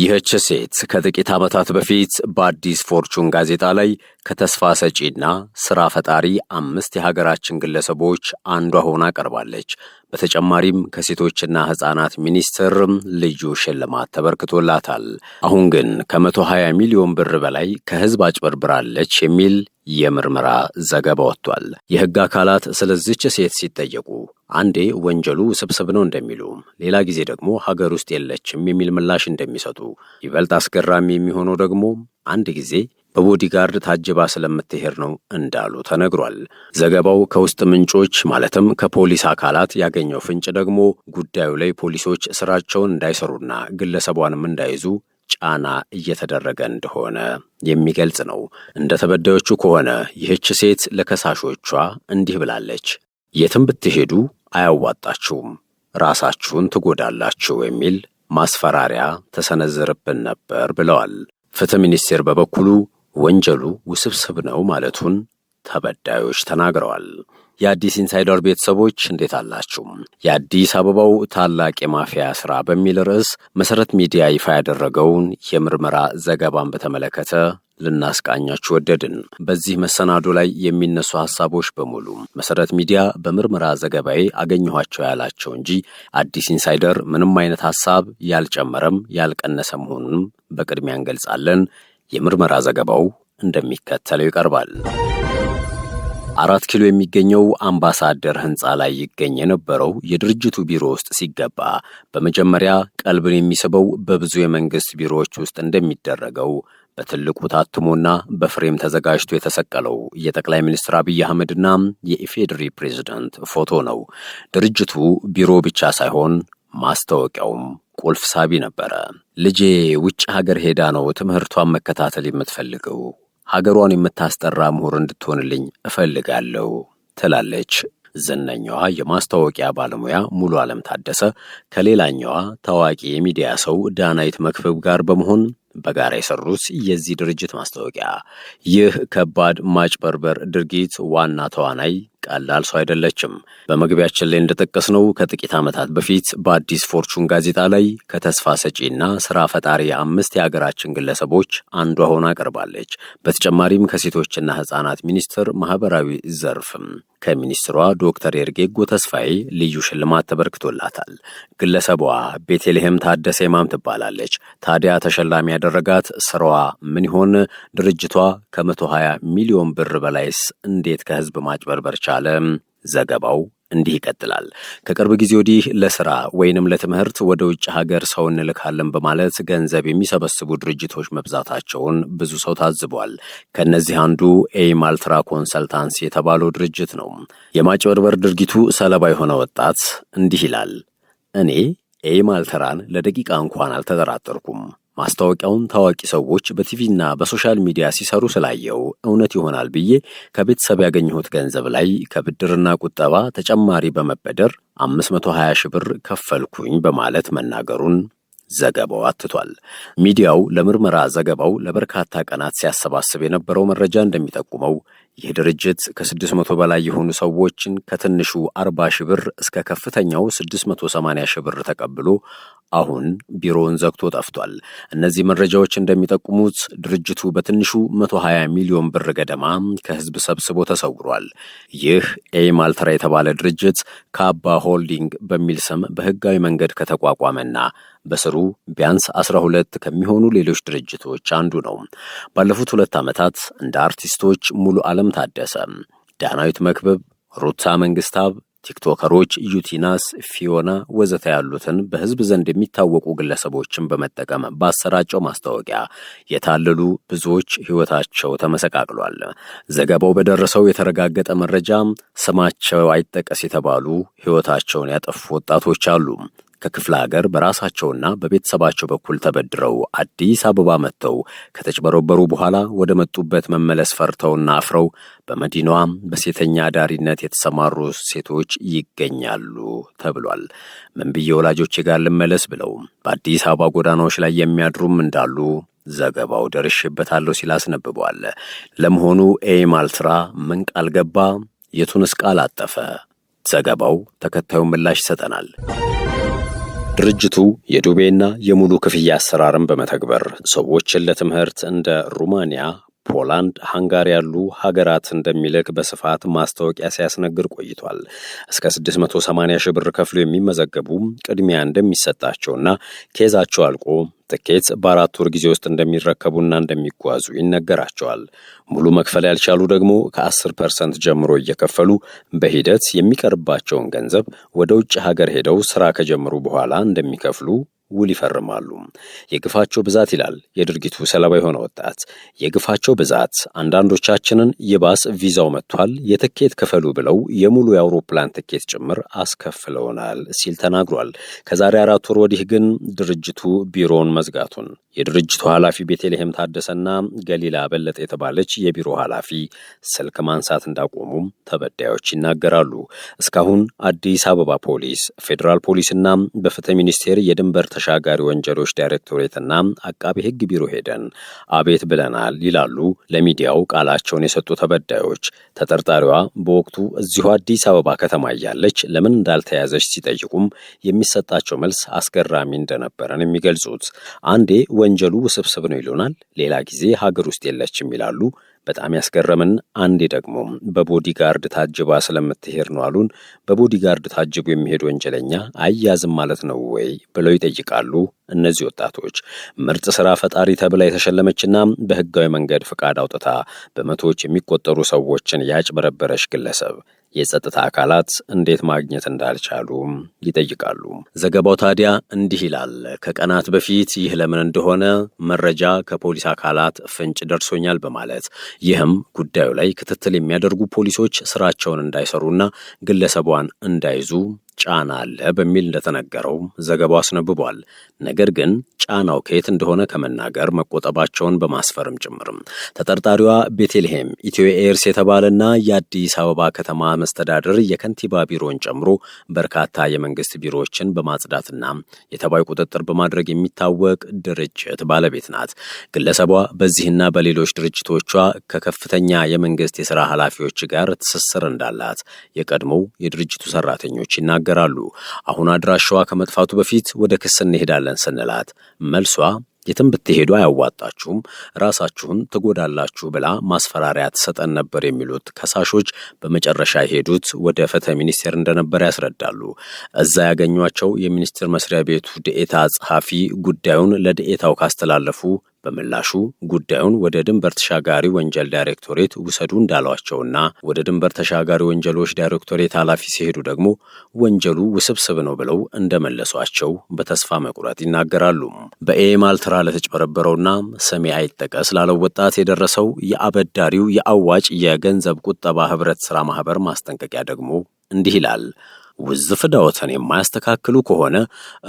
ይህች ሴት ከጥቂት ዓመታት በፊት በአዲስ ፎርቹን ጋዜጣ ላይ ከተስፋ ሰጪና ሥራ ፈጣሪ አምስት የሀገራችን ግለሰቦች አንዷ ሆና ቀርባለች። በተጨማሪም ከሴቶችና ሕፃናት ሚኒስቴር ልዩ ሽልማት ተበርክቶላታል። አሁን ግን ከ120 ሚሊዮን ብር በላይ ከሕዝብ አጭበርብራለች የሚል የምርመራ ዘገባ ወጥቷል። የሕግ አካላት ስለዚች ሴት ሲጠየቁ አንዴ ወንጀሉ ውስብስብ ነው እንደሚሉ፣ ሌላ ጊዜ ደግሞ ሀገር ውስጥ የለችም የሚል ምላሽ እንደሚሰጡ፣ ይበልጥ አስገራሚ የሚሆነው ደግሞ አንድ ጊዜ በቦዲጋርድ ታጅባ ስለምትሄድ ነው እንዳሉ ተነግሯል። ዘገባው ከውስጥ ምንጮች ማለትም ከፖሊስ አካላት ያገኘው ፍንጭ ደግሞ ጉዳዩ ላይ ፖሊሶች ስራቸውን እንዳይሰሩና ግለሰቧንም እንዳይዙ ጫና እየተደረገ እንደሆነ የሚገልጽ ነው። እንደ ተበዳዮቹ ከሆነ ይህች ሴት ለከሳሾቿ እንዲህ ብላለች፣ የትም ብትሄዱ አያዋጣችሁም፣ ራሳችሁን ትጎዳላችሁ የሚል ማስፈራሪያ ተሰነዘረብን ነበር ብለዋል። ፍትህ ሚኒስቴር በበኩሉ ወንጀሉ ውስብስብ ነው ማለቱን ተበዳዮች ተናግረዋል። የአዲስ ኢንሳይደር ቤተሰቦች እንዴት አላችሁ? የአዲስ አበባው ታላቅ የማፊያ ሥራ በሚል ርዕስ መሠረት ሚዲያ ይፋ ያደረገውን የምርመራ ዘገባን በተመለከተ ልናስቃኛችሁ ወደድን። በዚህ መሰናዶ ላይ የሚነሱ ሀሳቦች በሙሉ መሰረት ሚዲያ በምርመራ ዘገባዬ አገኘኋቸው ያላቸው እንጂ አዲስ ኢንሳይደር ምንም አይነት ሀሳብ ያልጨመረም ያልቀነሰ መሆኑንም በቅድሚያ እንገልጻለን። የምርመራ ዘገባው እንደሚከተለው ይቀርባል። አራት ኪሎ የሚገኘው አምባሳደር ህንፃ ላይ ይገኝ የነበረው የድርጅቱ ቢሮ ውስጥ ሲገባ በመጀመሪያ ቀልብን የሚስበው በብዙ የመንግስት ቢሮዎች ውስጥ እንደሚደረገው በትልቁ ታትሞና በፍሬም ተዘጋጅቶ የተሰቀለው የጠቅላይ ሚኒስትር አብይ አህመድና የኢፌዴሪ ፕሬዝዳንት ፎቶ ነው። ድርጅቱ ቢሮ ብቻ ሳይሆን ማስታወቂያውም ቁልፍ ሳቢ ነበረ። ልጄ ውጭ ሀገር ሄዳ ነው ትምህርቷን መከታተል የምትፈልገው ሀገሯን የምታስጠራ ምሁር እንድትሆንልኝ እፈልጋለሁ ትላለች። ዝነኛዋ የማስታወቂያ ባለሙያ ሙሉ ዓለም ታደሰ ከሌላኛዋ ታዋቂ የሚዲያ ሰው ዳናይት መክብብ ጋር በመሆን በጋራ የሰሩት የዚህ ድርጅት ማስታወቂያ ይህ ከባድ ማጭበርበር ድርጊት ዋና ተዋናይ ቀላል ሰው አይደለችም። በመግቢያችን ላይ እንደጠቀስነው ከጥቂት ዓመታት በፊት በአዲስ ፎርቹን ጋዜጣ ላይ ከተስፋ ሰጪና ስራ ፈጣሪ አምስት የሀገራችን ግለሰቦች አንዷ ሆና ቀርባለች። በተጨማሪም ከሴቶችና ህጻናት ሚኒስቴር ማህበራዊ ዘርፍም ከሚኒስትሯ ዶክተር ኤርጌጎ ተስፋዬ ልዩ ሽልማት ተበርክቶላታል። ግለሰቧ ቤተልሔም ታደሰ ማም ትባላለች። ታዲያ ተሸላሚ ያደረጋት ስራዋ ምን ይሆን? ድርጅቷ ከ120 ሚሊዮን ብር በላይስ እንዴት ከህዝብ ማጭበርበር ቻ ተሻለ ዘገባው እንዲህ ይቀጥላል። ከቅርብ ጊዜ ወዲህ ለስራ ወይንም ለትምህርት ወደ ውጭ ሀገር ሰው እንልካለን በማለት ገንዘብ የሚሰበስቡ ድርጅቶች መብዛታቸውን ብዙ ሰው ታዝቧል። ከእነዚህ አንዱ ኤይም አልትራ ኮንሰልታንስ የተባለው ድርጅት ነው። የማጭበርበር ድርጊቱ ሰለባ የሆነ ወጣት እንዲህ ይላል። እኔ ኤይም አልትራን ለደቂቃ እንኳን አልተጠራጠርኩም ማስታወቂያውን ታዋቂ ሰዎች በቲቪና በሶሻል ሚዲያ ሲሰሩ ስላየው እውነት ይሆናል ብዬ ከቤተሰብ ያገኘሁት ገንዘብ ላይ ከብድርና ቁጠባ ተጨማሪ በመበደር 520 ሺህ ብር ከፈልኩኝ በማለት መናገሩን ዘገባው አትቷል። ሚዲያው ለምርመራ ዘገባው ለበርካታ ቀናት ሲያሰባስብ የነበረው መረጃ እንደሚጠቁመው ይህ ድርጅት ከ600 በላይ የሆኑ ሰዎችን ከትንሹ 40 ሺህ ብር እስከ ከፍተኛው 680 ሺህ ብር ተቀብሎ አሁን ቢሮውን ዘግቶ ጠፍቷል። እነዚህ መረጃዎች እንደሚጠቁሙት ድርጅቱ በትንሹ 120 ሚሊዮን ብር ገደማ ከህዝብ ሰብስቦ ተሰውሯል። ይህ ኤም አልተራ የተባለ ድርጅት ካባ ሆልዲንግ በሚል ስም በህጋዊ መንገድ ከተቋቋመና በስሩ ቢያንስ 12 ከሚሆኑ ሌሎች ድርጅቶች አንዱ ነው። ባለፉት ሁለት ዓመታት እንደ አርቲስቶች ሙሉ ዓለም ታደሰ፣ ዳናዊት መክብብ፣ ሩታ መንግስታብ ቲክቶከሮች ዩቲናስ፣ ፊዮና ወዘተ ያሉትን በህዝብ ዘንድ የሚታወቁ ግለሰቦችን በመጠቀም ባሰራጨው ማስታወቂያ የታለሉ ብዙዎች ህይወታቸው ተመሰቃቅሏል። ዘገባው በደረሰው የተረጋገጠ መረጃ ስማቸው አይጠቀስ የተባሉ ህይወታቸውን ያጠፉ ወጣቶች አሉ። ከክፍለ ሀገር በራሳቸውና በቤተሰባቸው በኩል ተበድረው አዲስ አበባ መጥተው ከተጭበረበሩ በኋላ ወደ መጡበት መመለስ ፈርተውና አፍረው በመዲናዋም በሴተኛ አዳሪነት የተሰማሩ ሴቶች ይገኛሉ ተብሏል። ምን ብዬ ወላጆቼ ጋር ልመለስ ብለው በአዲስ አበባ ጎዳናዎች ላይ የሚያድሩም እንዳሉ ዘገባው ደርሽበታለሁ ሲል አስነብቧል። ለመሆኑ ኤም አልትራ ምን ቃል ገባ? የቱንስ ቃል አጠፈ? ዘገባው ተከታዩን ምላሽ ይሰጠናል። ድርጅቱ የዱቤና የሙሉ ክፍያ አሰራርን በመተግበር ሰዎችን ለትምህርት እንደ ሩማንያ፣ ፖላንድ፣ ሃንጋሪ ያሉ ሀገራት እንደሚልክ በስፋት ማስታወቂያ ሲያስነግር ቆይቷል። እስከ 680 ሺህ ብር ከፍሎ የሚመዘገቡ ቅድሚያ እንደሚሰጣቸውና ኬዛቸው አልቆ ትኬት በአራት ወር ጊዜ ውስጥ እንደሚረከቡና እንደሚጓዙ ይነገራቸዋል። ሙሉ መክፈል ያልቻሉ ደግሞ ከ10 ፐርሰንት ጀምሮ እየከፈሉ በሂደት የሚቀርባቸውን ገንዘብ ወደ ውጭ ሀገር ሄደው ስራ ከጀመሩ በኋላ እንደሚከፍሉ ውል ይፈርማሉ። የግፋቸው ብዛት ይላል የድርጊቱ ሰለባ የሆነ ወጣት። የግፋቸው ብዛት አንዳንዶቻችንን ይባስ ቪዛው መጥቷል የትኬት ክፈሉ ብለው የሙሉ የአውሮፕላን ትኬት ጭምር አስከፍለውናል ሲል ተናግሯል። ከዛሬ አራት ወር ወዲህ ግን ድርጅቱ ቢሮውን መዝጋቱን የድርጅቱ ኃላፊ ቤተልሔም ታደሰና ገሊላ በለጠ የተባለች የቢሮ ኃላፊ ስልክ ማንሳት እንዳቆሙም ተበዳዮች ይናገራሉ። እስካሁን አዲስ አበባ ፖሊስ፣ ፌዴራል ፖሊስና በፍትህ ሚኒስቴር የድንበር ተሻጋሪ ወንጀሎች ዳይሬክቶሬትና አቃቢ ህግ ቢሮ ሄደን አቤት ብለናል ይላሉ ለሚዲያው ቃላቸውን የሰጡ ተበዳዮች። ተጠርጣሪዋ በወቅቱ እዚሁ አዲስ አበባ ከተማ እያለች ለምን እንዳልተያዘች ሲጠይቁም የሚሰጣቸው መልስ አስገራሚ እንደነበረን የሚገልጹት አንዴ ወንጀሉ ውስብስብ ነው ይሉናል። ሌላ ጊዜ ሀገር ውስጥ የለችም ይላሉ። በጣም ያስገረምን አንዴ ደግሞ በቦዲጋርድ ታጅባ ስለምትሄድ ነው አሉን። በቦዲጋርድ ታጅቡ የሚሄድ ወንጀለኛ አያዝም ማለት ነው ወይ ብለው ይጠይቃሉ። እነዚህ ወጣቶች ምርጥ ስራ ፈጣሪ ተብላ የተሸለመችና በህጋዊ መንገድ ፍቃድ አውጥታ በመቶዎች የሚቆጠሩ ሰዎችን ያጭበረበረች ግለሰብ የጸጥታ አካላት እንዴት ማግኘት እንዳልቻሉም ይጠይቃሉ። ዘገባው ታዲያ እንዲህ ይላል። ከቀናት በፊት ይህ ለምን እንደሆነ መረጃ ከፖሊስ አካላት ፍንጭ ደርሶኛል በማለት ይህም ጉዳዩ ላይ ክትትል የሚያደርጉ ፖሊሶች ስራቸውን እንዳይሰሩና ግለሰቧን እንዳይዙ ጫና አለ በሚል እንደተነገረው ዘገባው አስነብቧል። ነገር ግን ጫናው ከየት እንደሆነ ከመናገር መቆጠባቸውን በማስፈርም ጭምርም ተጠርጣሪዋ ቤቴልሄም ኢትዮ ኤርስ የተባለና የአዲስ አበባ ከተማ መስተዳድር የከንቲባ ቢሮን ጨምሮ በርካታ የመንግስት ቢሮዎችን በማጽዳትና የተባይ ቁጥጥር በማድረግ የሚታወቅ ድርጅት ባለቤት ናት። ግለሰቧ በዚህና በሌሎች ድርጅቶቿ ከከፍተኛ የመንግስት የስራ ኃላፊዎች ጋር ትስስር እንዳላት የቀድሞው የድርጅቱ ሰራተኞች ይናገራል። ይናገራሉ። አሁን አድራሻዋ ከመጥፋቱ በፊት ወደ ክስ እንሄዳለን ስንላት መልሷ የትም ብትሄዱ አያዋጣችሁም፣ ራሳችሁን ትጎዳላችሁ ብላ ማስፈራሪያ ትሰጠን ነበር የሚሉት ከሳሾች በመጨረሻ የሄዱት ወደ ፍትህ ሚኒስቴር እንደነበር ያስረዳሉ። እዛ ያገኟቸው የሚኒስቴር መስሪያ ቤቱ ድኤታ ጸሐፊ ጉዳዩን ለድኤታው ካስተላለፉ በምላሹ ጉዳዩን ወደ ድንበር ተሻጋሪ ወንጀል ዳይሬክቶሬት ውሰዱ እንዳሏቸውና ወደ ድንበር ተሻጋሪ ወንጀሎች ዳይሬክቶሬት ኃላፊ ሲሄዱ ደግሞ ወንጀሉ ውስብስብ ነው ብለው እንደመለሷቸው በተስፋ መቁረጥ ይናገራሉ። በኤም አልትራ ለተጭበረበረውና ስሜ አይጠቀስ ላለው ወጣት የደረሰው የአበዳሪው የአዋጭ የገንዘብ ቁጠባ ህብረት ስራ ማህበር ማስጠንቀቂያ ደግሞ እንዲህ ይላል። ውዝፍ ዕዳዎትን የማያስተካክሉ ከሆነ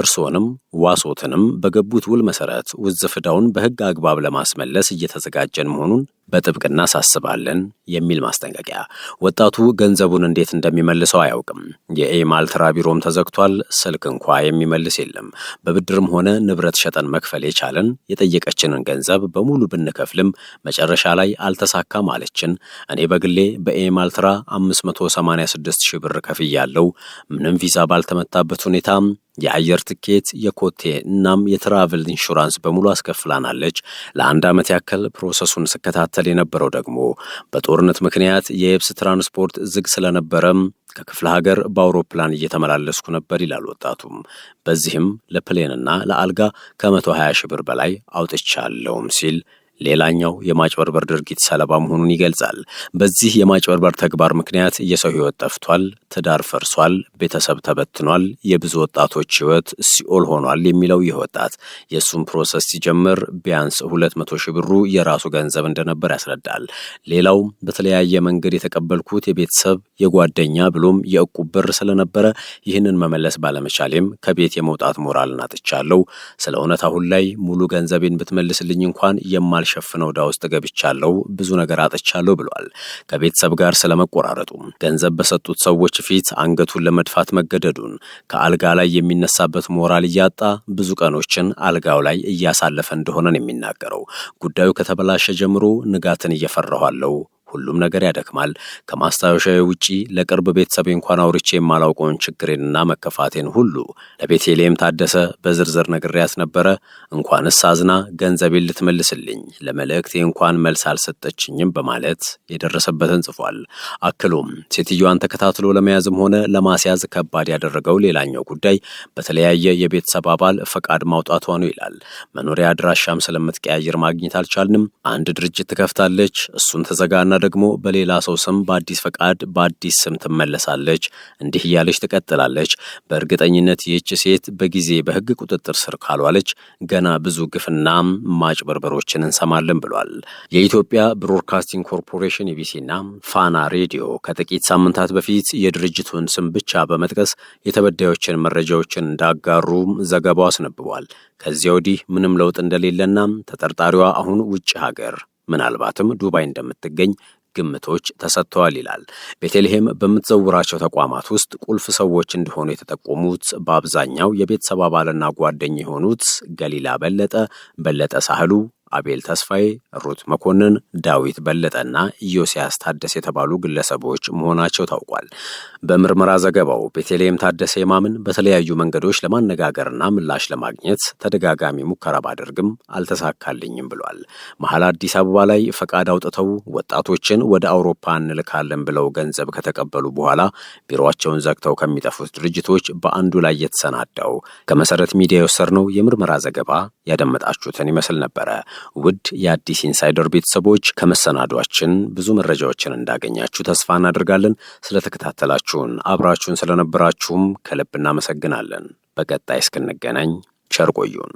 እርሶንም ዋሶትንም በገቡት ውል መሰረት ውዝፍ ዕዳውን በሕግ አግባብ ለማስመለስ እየተዘጋጀን መሆኑን በጥብቅ እናሳስባለን የሚል ማስጠንቀቂያ። ወጣቱ ገንዘቡን እንዴት እንደሚመልሰው አያውቅም። የኤማልትራ ቢሮም ተዘግቷል። ስልክ እንኳ የሚመልስ የለም። በብድርም ሆነ ንብረት ሸጠን መክፈል የቻለን የጠየቀችንን ገንዘብ በሙሉ ብንከፍልም መጨረሻ ላይ አልተሳካ ማለችን እኔ በግሌ በኤማልትራ 586 ሺህ ብር ከፍያለው። ምንም ቪዛ ባልተመታበት ሁኔታ የአየር ትኬት፣ የኮቴ እናም የትራቭል ኢንሹራንስ በሙሉ አስከፍላናለች። ለአንድ ዓመት ያክል ፕሮሰሱን ስከታተል የነበረው ደግሞ በጦርነት ምክንያት የየብስ ትራንስፖርት ዝግ ስለነበረም ከክፍለ ሀገር በአውሮፕላን እየተመላለስኩ ነበር ይላል ወጣቱም። በዚህም ለፕሌንና ለአልጋ ከመቶ 120 ሺህ ብር በላይ አውጥቻለሁም ሲል ሌላኛው የማጭበርበር ድርጊት ሰለባ መሆኑን ይገልጻል። በዚህ የማጭበርበር ተግባር ምክንያት የሰው ህይወት ጠፍቷል፣ ትዳር ፈርሷል፣ ቤተሰብ ተበትኗል፣ የብዙ ወጣቶች ህይወት ሲኦል ሆኗል የሚለው ይህ ወጣት የእሱን ፕሮሰስ ሲጀምር ቢያንስ ሁለት መቶ ሺህ ብሩ የራሱ ገንዘብ እንደነበር ያስረዳል። ሌላው በተለያየ መንገድ የተቀበልኩት የቤተሰብ የጓደኛ ብሎም የእቁብ ብር ስለነበረ ይህንን መመለስ ባለመቻሌም ከቤት የመውጣት ሞራል ናጥቻለሁ። ስለ እውነት አሁን ላይ ሙሉ ገንዘቤን ብትመልስልኝ እንኳን የማል ሸፍነ ወዳ ውስጥ ገብቻለሁ፣ ብዙ ነገር አጥቻለሁ ብሏል። ከቤተሰብ ጋር ስለመቆራረጡ ገንዘብ በሰጡት ሰዎች ፊት አንገቱን ለመድፋት መገደዱን ከአልጋ ላይ የሚነሳበት ሞራል እያጣ ብዙ ቀኖችን አልጋው ላይ እያሳለፈ እንደሆነ ነው የሚናገረው። ጉዳዩ ከተበላሸ ጀምሮ ንጋትን እየፈራኋለሁ ሁሉም ነገር ያደክማል። ከማስታወሻ ውጪ ለቅርብ ቤተሰቤ እንኳን አውርቼ የማላውቀውን ችግሬንና መከፋቴን ሁሉ ለቤቴሌም ታደሰ በዝርዝር ነግሬያት ነበረ። እንኳንስ አዝና ገንዘቤን ልትመልስልኝ ለመልእክቴ እንኳን መልስ አልሰጠችኝም በማለት የደረሰበትን ጽፏል። አክሎም ሴትዮዋን ተከታትሎ ለመያዝም ሆነ ለማስያዝ ከባድ ያደረገው ሌላኛው ጉዳይ በተለያየ የቤተሰብ አባል ፈቃድ ማውጣቷ ነው ይላል። መኖሪያ አድራሻም ስለምትቀያየር ማግኘት አልቻልንም። አንድ ድርጅት ትከፍታለች፣ እሱን ተዘጋና ደግሞ በሌላ ሰው ስም በአዲስ ፈቃድ በአዲስ ስም ትመለሳለች። እንዲህ እያለች ትቀጥላለች። በእርግጠኝነት ይህች ሴት በጊዜ በህግ ቁጥጥር ስር ካልዋለች ገና ብዙ ግፍና ማጭበርበሮችን እንሰማለን ብሏል። የኢትዮጵያ ብሮድካስቲንግ ኮርፖሬሽን ኢቢሲና ፋና ሬዲዮ ከጥቂት ሳምንታት በፊት የድርጅቱን ስም ብቻ በመጥቀስ የተበዳዮችን መረጃዎችን እንዳጋሩ ዘገባው አስነብቧል። ከዚያ ወዲህ ምንም ለውጥ እንደሌለና ተጠርጣሪዋ አሁን ውጭ ሀገር ምናልባትም ዱባይ እንደምትገኝ ግምቶች ተሰጥተዋል ይላል። ቤተልሔም በምትዘውራቸው ተቋማት ውስጥ ቁልፍ ሰዎች እንደሆኑ የተጠቆሙት በአብዛኛው የቤተሰብ አባልና ጓደኛ የሆኑት ገሊላ በለጠ፣ በለጠ ሳህሉ፣ አቤል ተስፋዬ፣ ሩት መኮንን፣ ዳዊት በለጠና ኢዮስያስ ታደሰ የተባሉ ግለሰቦች መሆናቸው ታውቋል። በምርመራ ዘገባው ቤተልሔም ታደሰ የማምን በተለያዩ መንገዶች ለማነጋገርና ምላሽ ለማግኘት ተደጋጋሚ ሙከራ ባደርግም አልተሳካልኝም ብሏል። መሀል አዲስ አበባ ላይ ፈቃድ አውጥተው ወጣቶችን ወደ አውሮፓ እንልካለን ብለው ገንዘብ ከተቀበሉ በኋላ ቢሮቸውን ዘግተው ከሚጠፉት ድርጅቶች በአንዱ ላይ የተሰናዳው ከመሰረት ሚዲያ የወሰድነው የምርመራ ዘገባ ያደመጣችሁትን ይመስል ነበረ። ውድ የአዲስ ኢንሳይደር ቤተሰቦች ከመሰናዷችን ብዙ መረጃዎችን እንዳገኛችሁ ተስፋ እናደርጋለን። ስለተከታተላችሁን አብራችሁን ስለነበራችሁም ከልብ እናመሰግናለን። በቀጣይ እስክንገናኝ ቸር ቆዩን።